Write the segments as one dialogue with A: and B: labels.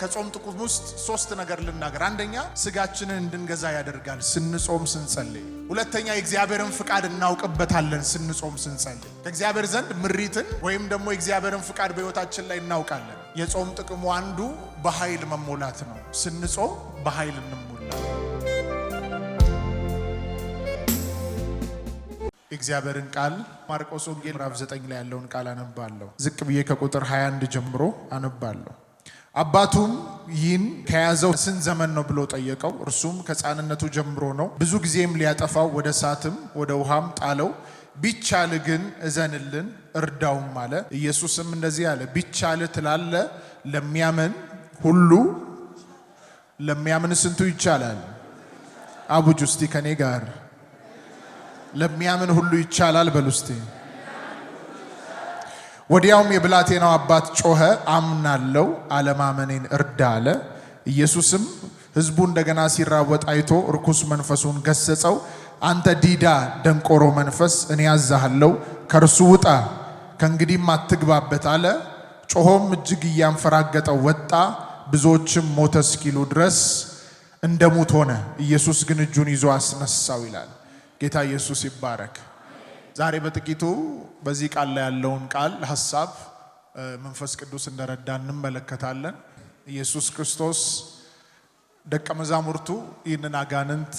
A: ከጾም ጥቅም ውስጥ ሶስት ነገር ልናገር። አንደኛ ስጋችንን እንድንገዛ ያደርጋል ስንጾም ስንጸልይ። ሁለተኛ የእግዚአብሔርን ፍቃድ እናውቅበታለን ስንጾም ስንጸልይ። ከእግዚአብሔር ዘንድ ምሪትን ወይም ደግሞ የእግዚአብሔርን ፍቃድ በሕይወታችን ላይ እናውቃለን። የጾም ጥቅሙ አንዱ በኃይል መሞላት ነው። ስንጾም በኃይል እንሞላ። እግዚአብሔርን ቃል ማርቆስ ወንጌል ምዕራፍ 9 ላይ ያለውን ቃል አነባለሁ። ዝቅ ብዬ ከቁጥር 21 ጀምሮ አነባለሁ። አባቱም ይህን ከያዘው ስንት ዘመን ነው ብሎ ጠየቀው። እርሱም ከሕፃንነቱ ጀምሮ ነው፣ ብዙ ጊዜም ሊያጠፋው ወደ እሳትም ወደ ውሃም ጣለው፣ ቢቻል ግን እዘንልን እርዳውም አለ። ኢየሱስም እንደዚህ አለ፣ ቢቻል ትላለ ለሚያምን ሁሉ ለሚያምን ስንቱ ይቻላል? አቡጅ ውስቲ ከኔ ጋር ለሚያምን ሁሉ ይቻላል በል ውስቲ ወዲያውም የብላቴናው አባት ጮኸ፣ አምናለው አለማመኔን እርዳ አለ። ኢየሱስም ሕዝቡ እንደገና ሲራወጥ አይቶ ርኩስ መንፈሱን ገሰጸው። አንተ ዲዳ ደንቆሮ መንፈስ እኔ ያዛሃለው፣ ከእርሱ ውጣ፣ ከእንግዲህም አትግባበት አለ። ጮሆም እጅግ እያንፈራገጠው ወጣ። ብዙዎችም ሞተ እስኪሉ ድረስ እንደ ሙት ሆነ። ኢየሱስ ግን እጁን ይዞ አስነሳው ይላል። ጌታ ኢየሱስ ይባረክ። ዛሬ በጥቂቱ በዚህ ቃል ላይ ያለውን ቃል ሀሳብ መንፈስ ቅዱስ እንደረዳ እንመለከታለን። ኢየሱስ ክርስቶስ ደቀ መዛሙርቱ ይህንን አጋንንት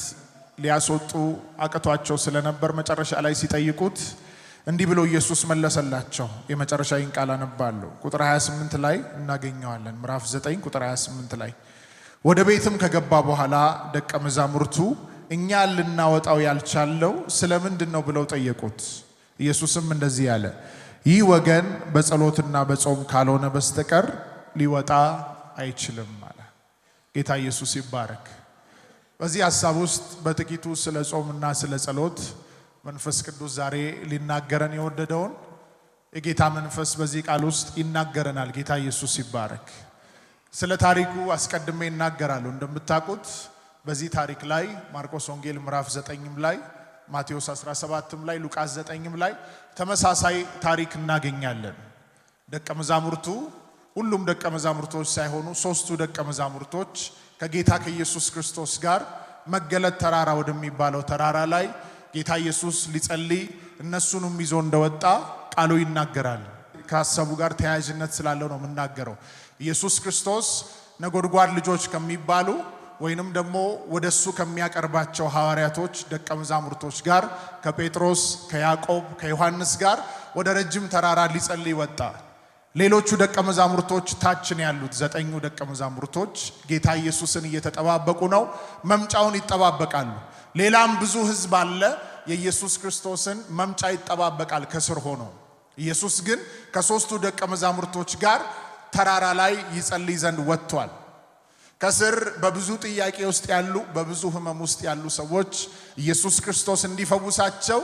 A: ሊያስወጡ አቅቷቸው ስለነበር መጨረሻ ላይ ሲጠይቁት እንዲህ ብሎ ኢየሱስ መለሰላቸው። የመጨረሻዊን ቃል አነባለሁ። ቁጥር 28 ላይ እናገኘዋለን። ምራፍ 9 ቁጥር 28 ላይ ወደ ቤትም ከገባ በኋላ ደቀ መዛሙርቱ እኛ ልናወጣው ያልቻለው ስለምንድን ነው ብለው ጠየቁት። ኢየሱስም እንደዚህ ያለ ይህ ወገን በጸሎትና በጾም ካልሆነ በስተቀር ሊወጣ አይችልም አለ። ጌታ ኢየሱስ ይባረክ። በዚህ ሀሳብ ውስጥ በጥቂቱ ስለ ጾምና ስለ ጸሎት መንፈስ ቅዱስ ዛሬ ሊናገረን የወደደውን የጌታ መንፈስ በዚህ ቃል ውስጥ ይናገረናል። ጌታ ኢየሱስ ይባረክ። ስለ ታሪኩ አስቀድሜ ይናገራሉ እንደምታውቁት በዚህ ታሪክ ላይ ማርቆስ ወንጌል ምዕራፍ 9ም ላይ ማቴዎስ 17ም ላይ ሉቃስ 9ም ላይ ተመሳሳይ ታሪክ እናገኛለን። ደቀ መዛሙርቱ ሁሉም ደቀ መዛሙርቶች ሳይሆኑ ሶስቱ ደቀ መዛሙርቶች ከጌታ ከኢየሱስ ክርስቶስ ጋር መገለጥ ተራራ ወደሚባለው ተራራ ላይ ጌታ ኢየሱስ ሊጸልይ እነሱንም ይዞ እንደወጣ ቃሉ ይናገራል። ከሀሳቡ ጋር ተያያዥነት ስላለው ነው የምናገረው። ኢየሱስ ክርስቶስ ነጎድጓድ ልጆች ከሚባሉ ወይንም ደግሞ ወደ እሱ ከሚያቀርባቸው ሐዋርያቶች ደቀ መዛሙርቶች ጋር ከጴጥሮስ፣ ከያዕቆብ፣ ከዮሐንስ ጋር ወደ ረጅም ተራራ ሊጸልይ ወጣ። ሌሎቹ ደቀ መዛሙርቶች ታችን ያሉት ዘጠኙ ደቀ መዛሙርቶች ጌታ ኢየሱስን እየተጠባበቁ ነው። መምጫውን ይጠባበቃሉ። ሌላም ብዙ ሕዝብ አለ። የኢየሱስ ክርስቶስን መምጫ ይጠባበቃል ከስር ሆኖ። ኢየሱስ ግን ከሦስቱ ደቀ መዛሙርቶች ጋር ተራራ ላይ ይጸልይ ዘንድ ወጥቷል። ከስር በብዙ ጥያቄ ውስጥ ያሉ በብዙ ህመም ውስጥ ያሉ ሰዎች ኢየሱስ ክርስቶስ እንዲፈውሳቸው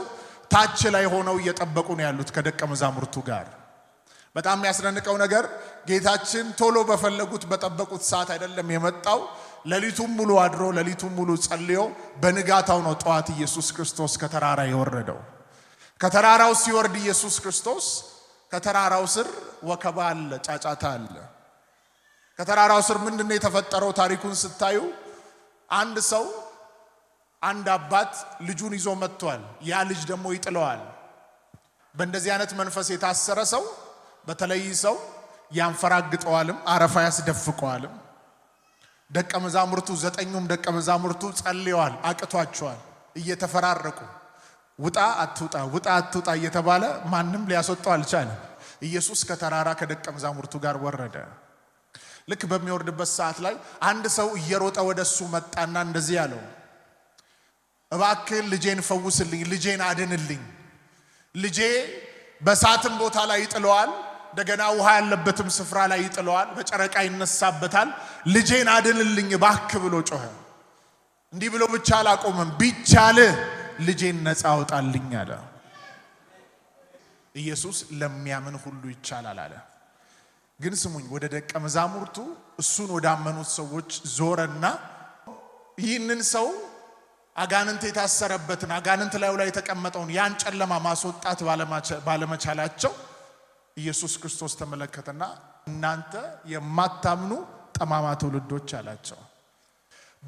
A: ታች ላይ ሆነው እየጠበቁ ነው ያሉት ከደቀ መዛሙርቱ ጋር። በጣም የሚያስደንቀው ነገር ጌታችን ቶሎ በፈለጉት በጠበቁት ሰዓት አይደለም የመጣው። ሌሊቱም ሙሉ አድሮ ሌሊቱም ሙሉ ጸልዮ በንጋታው ነው ጠዋት ኢየሱስ ክርስቶስ ከተራራ የወረደው። ከተራራው ሲወርድ ኢየሱስ ክርስቶስ ከተራራው ስር ወከባ አለ፣ ጫጫታ አለ። ከተራራው ስር ምንድን ነው የተፈጠረው? ታሪኩን ስታዩ አንድ ሰው አንድ አባት ልጁን ይዞ መጥቷል። ያ ልጅ ደግሞ ይጥለዋል። በእንደዚህ አይነት መንፈስ የታሰረ ሰው በተለይ ሰው ያንፈራግጠዋልም፣ አረፋ ያስደፍቀዋልም። ደቀ መዛሙርቱ ዘጠኙም ደቀ መዛሙርቱ ጸልየዋል፣ አቅቷቸዋል። እየተፈራረቁ ውጣ አትውጣ፣ ውጣ አትውጣ እየተባለ ማንም ሊያስወጣው አልቻለም። ኢየሱስ ከተራራ ከደቀ መዛሙርቱ ጋር ወረደ። ልክ በሚወርድበት ሰዓት ላይ አንድ ሰው እየሮጠ ወደ እሱ መጣና እንደዚህ ያለው እባክህን ልጄን ፈውስልኝ፣ ልጄን አድንልኝ። ልጄ በሳትም ቦታ ላይ ይጥለዋል፣ እንደገና ውሃ ያለበትም ስፍራ ላይ ይጥለዋል፣ በጨረቃ ይነሳበታል። ልጄን አድንልኝ እባክህ ብሎ ጮኸ። እንዲህ ብሎ ብቻ አላቆመም፣ ቢቻልህ ልጄን ነፃ አውጣልኝ አለ። ኢየሱስ ለሚያምን ሁሉ ይቻላል አለ። ግን ስሙኝ፣ ወደ ደቀ መዛሙርቱ እሱን ወዳመኑት ሰዎች ዞረና ይህንን ሰው አጋንንት የታሰረበትን አጋንንት ላዩ ላይ የተቀመጠውን ያን ጨለማ ማስወጣት ባለመቻላቸው ኢየሱስ ክርስቶስ ተመለከተና እናንተ የማታምኑ ጠማማ ትውልዶች አላቸው።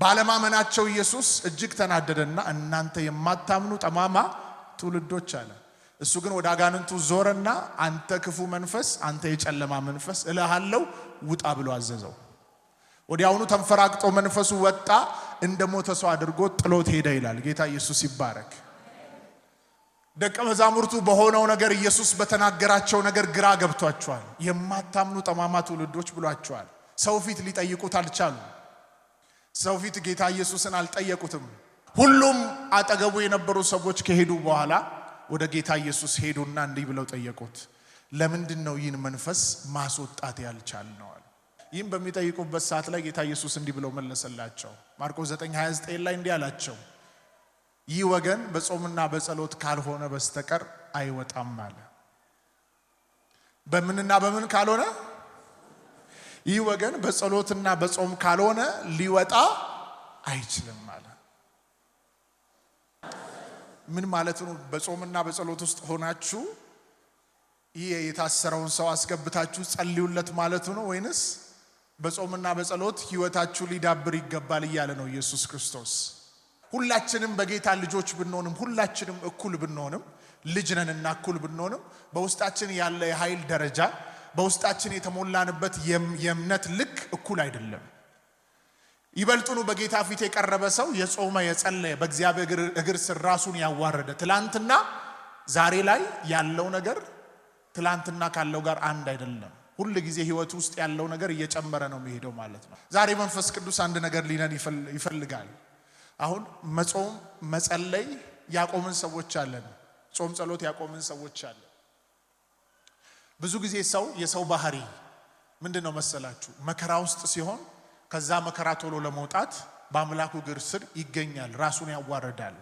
A: ባለማመናቸው ኢየሱስ እጅግ ተናደደና እናንተ የማታምኑ ጠማማ ትውልዶች አለ። እሱ ግን ወደ አጋንንቱ ዞረና አንተ ክፉ መንፈስ፣ አንተ የጨለማ መንፈስ እልሃለው ውጣ ብሎ አዘዘው። ወዲያውኑ ተንፈራግጦ መንፈሱ ወጣ፣ እንደ ሞተ ሰው አድርጎ ጥሎት ሄደ ይላል። ጌታ ኢየሱስ ይባረክ። ደቀ መዛሙርቱ በሆነው ነገር ኢየሱስ በተናገራቸው ነገር ግራ ገብቷቸዋል። የማታምኑ ጠማማ ትውልዶች ብሏቸዋል። ሰው ፊት ሊጠይቁት አልቻሉም። ሰው ፊት ጌታ ኢየሱስን አልጠየቁትም። ሁሉም አጠገቡ የነበሩ ሰዎች ከሄዱ በኋላ ወደ ጌታ ኢየሱስ ሄዱና እንዲህ ብለው ጠየቁት፣ ለምንድን ነው ይህን መንፈስ ማስወጣት ያልቻል ያልቻልነዋል? ይህም በሚጠይቁበት ሰዓት ላይ ጌታ ኢየሱስ እንዲህ ብለው መለሰላቸው። ማርቆስ 9:29 ላይ እንዲህ አላቸው፣ ይህ ወገን በጾምና በጸሎት ካልሆነ በስተቀር አይወጣም አለ። በምንና በምን ካልሆነ? ይህ ወገን በጸሎትና በጾም ካልሆነ ሊወጣ አይችልም አለ። ምን ማለት ነው? በጾምና በጸሎት ውስጥ ሆናችሁ ይህ የታሰረውን ሰው አስገብታችሁ ጸልዩለት ማለቱ ነው ወይንስ በጾምና በጸሎት ህይወታችሁ ሊዳብር ይገባል እያለ ነው ኢየሱስ ክርስቶስ? ሁላችንም በጌታ ልጆች ብንሆንም ሁላችንም እኩል ብንሆንም ልጅ ነንና እኩል ብንሆንም በውስጣችን ያለ የኃይል ደረጃ በውስጣችን የተሞላንበት የእምነት ልክ እኩል አይደለም። ይበልጡኑ በጌታ ፊት የቀረበ ሰው የጾመ የጸለየ በእግዚአብሔር እግር ስር ራሱን ያዋረደ ትላንትና ዛሬ ላይ ያለው ነገር ትላንትና ካለው ጋር አንድ አይደለም። ሁል ጊዜ ህይወት ውስጥ ያለው ነገር እየጨመረ ነው የሚሄደው ማለት ነው። ዛሬ መንፈስ ቅዱስ አንድ ነገር ሊለን ይፈልጋል። አሁን መጾም መጸለይ ያቆምን ሰዎች አለን። ጾም ጸሎት ያቆምን ሰዎች አለን። ብዙ ጊዜ ሰው የሰው ባህሪ ምንድን ነው መሰላችሁ? መከራ ውስጥ ሲሆን ከዛ መከራ ቶሎ ለመውጣት በአምላኩ እግር ስር ይገኛል። ራሱን ያዋርዳል።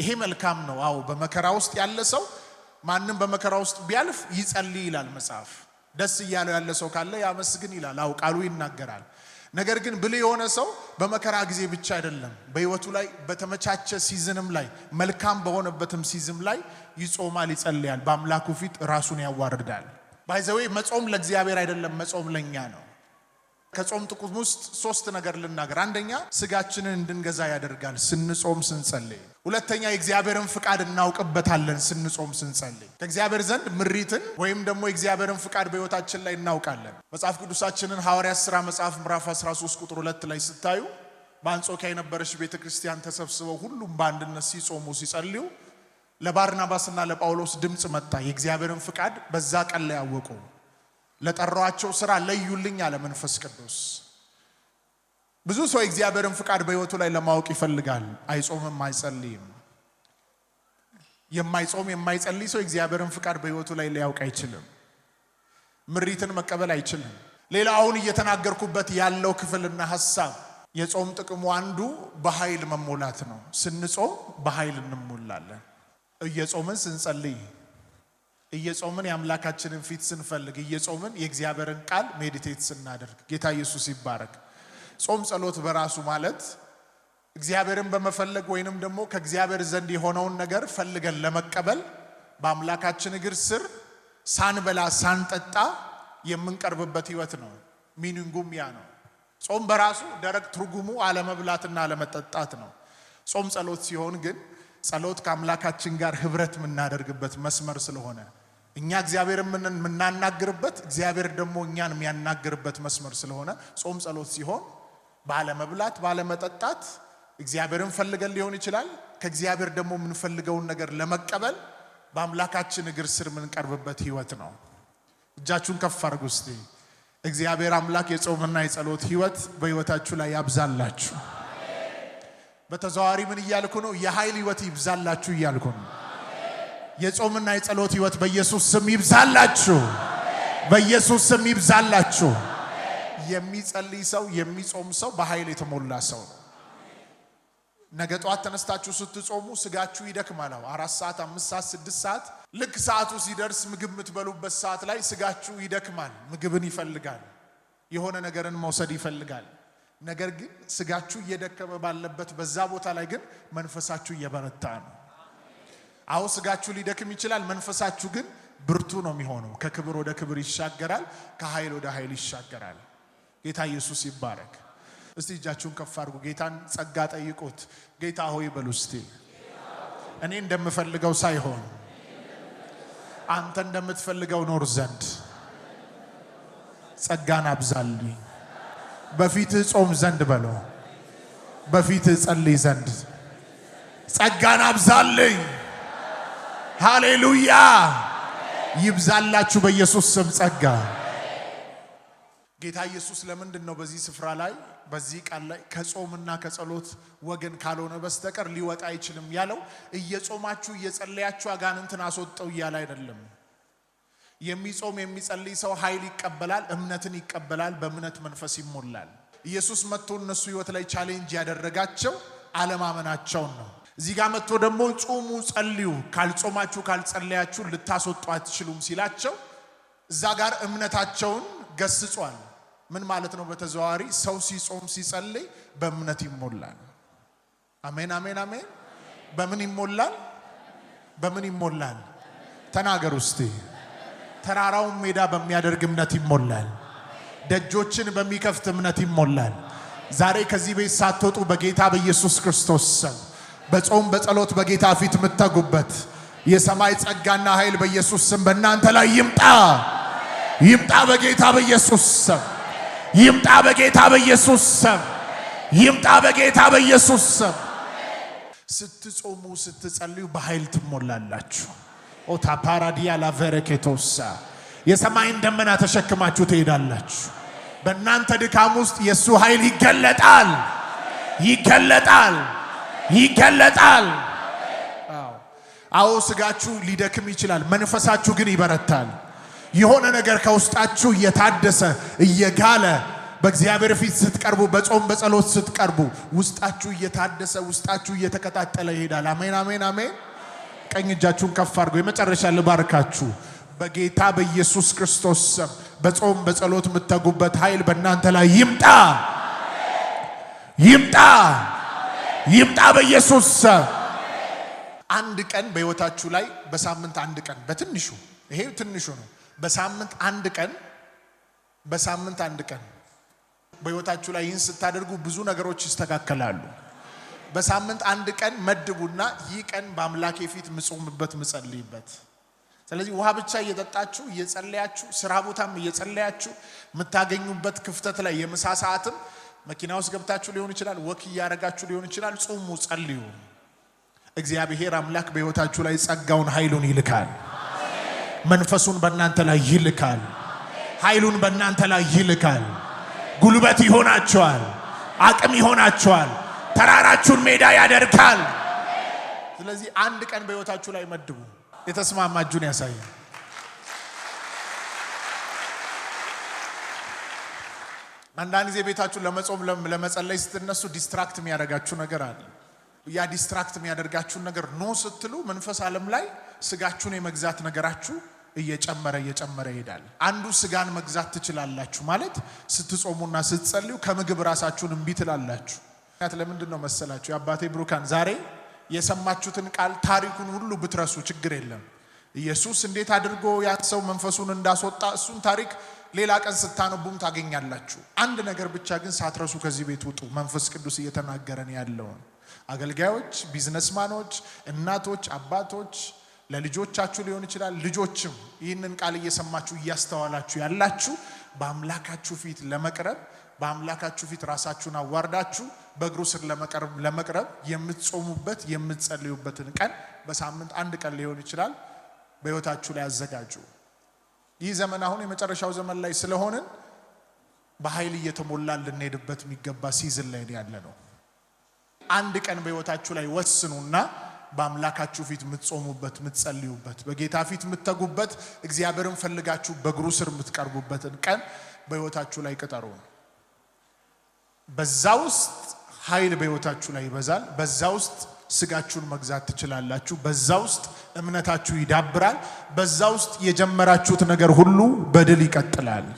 A: ይሄ መልካም ነው። አዎ በመከራ ውስጥ ያለ ሰው ማንም በመከራ ውስጥ ቢያልፍ ይጸልይ ይላል መጽሐፍ። ደስ እያለው ያለ ሰው ካለ ያመስግን ይላል። አዎ ቃሉ ይናገራል። ነገር ግን ብልህ የሆነ ሰው በመከራ ጊዜ ብቻ አይደለም፣ በህይወቱ ላይ በተመቻቸ ሲዝንም ላይ መልካም በሆነበትም ሲዝም ላይ ይጾማል፣ ይጸልያል። በአምላኩ ፊት ራሱን ያዋርዳል። ባይዘዌ መጾም ለእግዚአብሔር አይደለም፣ መጾም ለእኛ ነው። ከጾም ጥቁም ውስጥ ሶስት ነገር ልናገር። አንደኛ ስጋችንን እንድንገዛ ያደርጋል ስንጾም ስንጸልይ። ሁለተኛ የእግዚአብሔርን ፍቃድ እናውቅበታለን ስንጾም ስንጸልይ። ከእግዚአብሔር ዘንድ ምሪትን ወይም ደግሞ የእግዚአብሔርን ፍቃድ በሕይወታችን ላይ እናውቃለን። መጽሐፍ ቅዱሳችንን ሐዋርያት ሥራ መጽሐፍ ምዕራፍ 13 ቁጥር 2 ላይ ስታዩ በአንጾኪያ የነበረች ቤተ ክርስቲያን ተሰብስበው ሁሉም በአንድነት ሲጾሙ ሲጸልዩ ለባርናባስና ለጳውሎስ ድምፅ መጣ። የእግዚአብሔርን ፍቃድ በዛ ቀን ላይ አወቁ። ለጠሯቸው ስራ ለዩልኝ አለ መንፈስ ቅዱስ። ብዙ ሰው የእግዚአብሔርን ፍቃድ በህይወቱ ላይ ለማወቅ ይፈልጋል። አይጾምም፣ አይጸልይም። የማይጾም የማይጸልይ ሰው የእግዚአብሔርን ፍቃድ በህይወቱ ላይ ሊያውቅ አይችልም። ምሪትን መቀበል አይችልም። ሌላ አሁን እየተናገርኩበት ያለው ክፍልና ሀሳብ የጾም ጥቅሙ አንዱ በኃይል መሞላት ነው። ስንጾም በኃይል እንሞላለን። እየጾምን ስንጸልይ እየጾምን የአምላካችንን ፊት ስንፈልግ እየጾምን የእግዚአብሔርን ቃል ሜዲቴት ስናደርግ ጌታ ኢየሱስ ይባረክ። ጾም ጸሎት በራሱ ማለት እግዚአብሔርን በመፈለግ ወይንም ደግሞ ከእግዚአብሔር ዘንድ የሆነውን ነገር ፈልገን ለመቀበል በአምላካችን እግር ስር ሳንበላ ሳንጠጣ የምንቀርብበት ህይወት ነው። ሚኒንጉም ያ ነው። ጾም በራሱ ደረቅ ትርጉሙ አለመብላትና አለመጠጣት ነው። ጾም ጸሎት ሲሆን ግን ጸሎት ከአምላካችን ጋር ህብረት የምናደርግበት መስመር ስለሆነ እኛ እግዚአብሔር የምናናግርበት እግዚአብሔር ደግሞ እኛን የሚያናግርበት መስመር ስለሆነ ጾም ጸሎት ሲሆን ባለመብላት ባለመጠጣት እግዚአብሔርን ፈልገን ሊሆን ይችላል። ከእግዚአብሔር ደግሞ የምንፈልገውን ነገር ለመቀበል በአምላካችን እግር ስር የምንቀርብበት ህይወት ነው። እጃችሁን ከፍ አርጉ ስ እግዚአብሔር አምላክ የጾምና የጸሎት ህይወት በህይወታችሁ ላይ ያብዛላችሁ። በተዘዋዋሪ ምን እያልኩ ነው? የኃይል ህይወት ይብዛላችሁ እያልኩ ነው። የጾምና የጸሎት ህይወት በኢየሱስ ስም ይብዛላችሁ፣ በኢየሱስ ስም ይብዛላችሁ። የሚጸልይ ሰው የሚጾም ሰው በኃይል የተሞላ ሰው ነው። ነገ ጠዋት ተነስታችሁ ስትጾሙ ስጋችሁ ይደክማል። አራት ሰዓት፣ አምስት ሰዓት፣ ስድስት ሰዓት ልክ ሰዓቱ ሲደርስ ምግብ የምትበሉበት ሰዓት ላይ ስጋችሁ ይደክማል። ምግብን ይፈልጋል፣ የሆነ ነገርን መውሰድ ይፈልጋል። ነገር ግን ስጋችሁ እየደከመ ባለበት በዛ ቦታ ላይ ግን መንፈሳችሁ እየበረታ ነው። አዎ ስጋችሁ ሊደክም ይችላል፣ መንፈሳችሁ ግን ብርቱ ነው የሚሆነው። ከክብር ወደ ክብር ይሻገራል፣ ከኃይል ወደ ኃይል ይሻገራል። ጌታ ኢየሱስ ይባረክ። እስቲ እጃችሁን ከፍ አድርጉ፣ ጌታን ጸጋ ጠይቁት። ጌታ ሆይ በሉ እስቲ እኔ እንደምፈልገው ሳይሆን አንተ እንደምትፈልገው ኖር ዘንድ ጸጋን አብዛልኝ። በፊትህ ጾም ዘንድ በለው፣ በፊትህ ጸልይ ዘንድ ጸጋን አብዛልኝ። ሃሌሉያ ይብዛላችሁ በኢየሱስ ስም ጸጋ። ጌታ ኢየሱስ ለምንድን ነው በዚህ ስፍራ ላይ በዚህ ቃል ላይ ከጾምና ከጸሎት ወገን ካልሆነ በስተቀር ሊወጣ አይችልም ያለው? እየጾማችሁ እየጸለያችሁ አጋንንትን አስወጠው እያለ አይደለም። የሚጾም የሚጸልይ ሰው ኃይል ይቀበላል፣ እምነትን ይቀበላል፣ በእምነት መንፈስ ይሞላል። ኢየሱስ መጥቶ እነሱ ህይወት ላይ ቻሌንጅ ያደረጋቸው አለማመናቸውን ነው። እዚህ ጋር መጥቶ ደግሞ ጾሙ፣ ጸልዩ፣ ካልጾማችሁ ካልጸለያችሁ ልታስወጡ አትችሉም ሲላቸው እዛ ጋር እምነታቸውን ገስጿል። ምን ማለት ነው? በተዘዋዋሪ ሰው ሲጾም ሲጸልይ በእምነት ይሞላል። አሜን፣ አሜን፣ አሜን። በምን ይሞላል? በምን ይሞላል? ተናገር ውስጥ ተራራውን ሜዳ በሚያደርግ እምነት ይሞላል። ደጆችን በሚከፍት እምነት ይሞላል። ዛሬ ከዚህ ቤት ሳትወጡ በጌታ በኢየሱስ ክርስቶስ በጾም በጸሎት በጌታ ፊት የምትተጉበት የሰማይ ጸጋና ኃይል በኢየሱስ ስም በእናንተ ላይ ይምጣ ይምጣ በጌታ በኢየሱስ ስም ይምጣ በጌታ በኢየሱስ ስም ይምጣ በጌታ በኢየሱስ ስም። ስትጾሙ ስትጸልዩ በኃይል ትሞላላችሁ። ኦታ ፓራዲያ ላቨረኬቶሳ የሰማይን ደመና ተሸክማችሁ ትሄዳላችሁ። በእናንተ ድካም ውስጥ የእሱ ኃይል ይገለጣል ይገለጣል። ይገለጣል። አዎ ስጋችሁ ሊደክም ይችላል፣ መንፈሳችሁ ግን ይበረታል። የሆነ ነገር ከውስጣችሁ እየታደሰ እየጋለ በእግዚአብሔር ፊት ስትቀርቡ፣ በጾም በጸሎት ስትቀርቡ ውስጣችሁ እየታደሰ ውስጣችሁ እየተቀጣጠለ ይሄዳል። አሜን፣ አሜን፣ አሜን። ቀኝ እጃችሁን ከፍ አድርጎ የመጨረሻ ልባርካችሁ በጌታ በኢየሱስ ክርስቶስ ስም በጾም በጸሎት የምትተጉበት ኃይል በእናንተ ላይ ይምጣ ይምጣ። ይምጣ በኢየሱስ። አንድ ቀን በህይወታችሁ ላይ በሳምንት አንድ ቀን በትንሹ ይሄ ትንሹ ነው። በሳምንት አንድ ቀን በሳምንት አንድ ቀን በህይወታችሁ ላይ ይህን ስታደርጉ ብዙ ነገሮች ይስተካከላሉ። በሳምንት አንድ ቀን መድቡና ይህ ቀን በአምላኬ ፊት ምጾምበት ምጸልይበት። ስለዚህ ውሃ ብቻ እየጠጣችሁ እየጸለያችሁ፣ ስራ ቦታም እየጸለያችሁ የምታገኙበት ክፍተት ላይ የምሳ ሰዓትም መኪና ውስጥ ገብታችሁ ሊሆን ይችላል፣ ወክ እያደረጋችሁ ሊሆን ይችላል። ጹሙ፣ ጸልዩ። እግዚአብሔር አምላክ በሕይወታችሁ ላይ ጸጋውን ኃይሉን ይልካል። መንፈሱን በእናንተ ላይ ይልካል። ኃይሉን በእናንተ ላይ ይልካል። ጉልበት ይሆናቸዋል። አቅም ይሆናቸዋል። ተራራችሁን ሜዳ ያደርጋል። ስለዚህ አንድ ቀን በሕይወታችሁ ላይ መድቡ። የተስማማ እጁን ያሳያል። አንዳንድ ጊዜ ቤታችሁን ለመጾም ለመጸለይ ስትነሱ ዲስትራክት የሚያደርጋችሁ ነገር አለ። ያ ዲስትራክት የሚያደርጋችሁን ነገር ኖ ስትሉ መንፈስ ዓለም ላይ ስጋችሁን የመግዛት ነገራችሁ እየጨመረ እየጨመረ ይሄዳል። አንዱ ስጋን መግዛት ትችላላችሁ ማለት ስትጾሙና ስትጸልዩ ከምግብ ራሳችሁን እምቢ ትላላችሁ። ለምንድን ነው መሰላችሁ? የአባቴ ብሩካን ዛሬ የሰማችሁትን ቃል ታሪኩን ሁሉ ብትረሱ ችግር የለም። ኢየሱስ እንዴት አድርጎ ያን ሰው መንፈሱን እንዳስወጣ እሱን ታሪክ ሌላ ቀን ስታነቡም ታገኛላችሁ። አንድ ነገር ብቻ ግን ሳትረሱ ከዚህ ቤት ውጡ። መንፈስ ቅዱስ እየተናገረን ያለውን አገልጋዮች፣ ቢዝነስማኖች፣ እናቶች፣ አባቶች ለልጆቻችሁ ሊሆን ይችላል። ልጆችም ይህንን ቃል እየሰማችሁ እያስተዋላችሁ ያላችሁ በአምላካችሁ ፊት ለመቅረብ በአምላካችሁ ፊት ራሳችሁን አዋርዳችሁ በእግሩ ስር ለመቅረብ የምትጾሙበት የምትጸልዩበትን ቀን በሳምንት አንድ ቀን ሊሆን ይችላል በሕይወታችሁ ላይ አዘጋጁ። ይህ ዘመን አሁን የመጨረሻው ዘመን ላይ ስለሆንን በኃይል እየተሞላን ልንሄድበት የሚገባ ሲዝን ላይ ያለ ነው። አንድ ቀን በሕይወታችሁ ላይ ወስኑና በአምላካችሁ ፊት የምትጾሙበት፣ የምትጸልዩበት፣ በጌታ ፊት የምትተጉበት፣ እግዚአብሔርን ፈልጋችሁ በእግሩ ስር የምትቀርቡበትን ቀን በሕይወታችሁ ላይ ቅጠሩ ነው። በዛ ውስጥ ኃይል በሕይወታችሁ ላይ ይበዛል። በዛ ውስጥ ስጋችሁን መግዛት ትችላላችሁ። በዛ ውስጥ እምነታችሁ ይዳብራል። በዛ ውስጥ የጀመራችሁት ነገር ሁሉ በድል ይቀጥላል።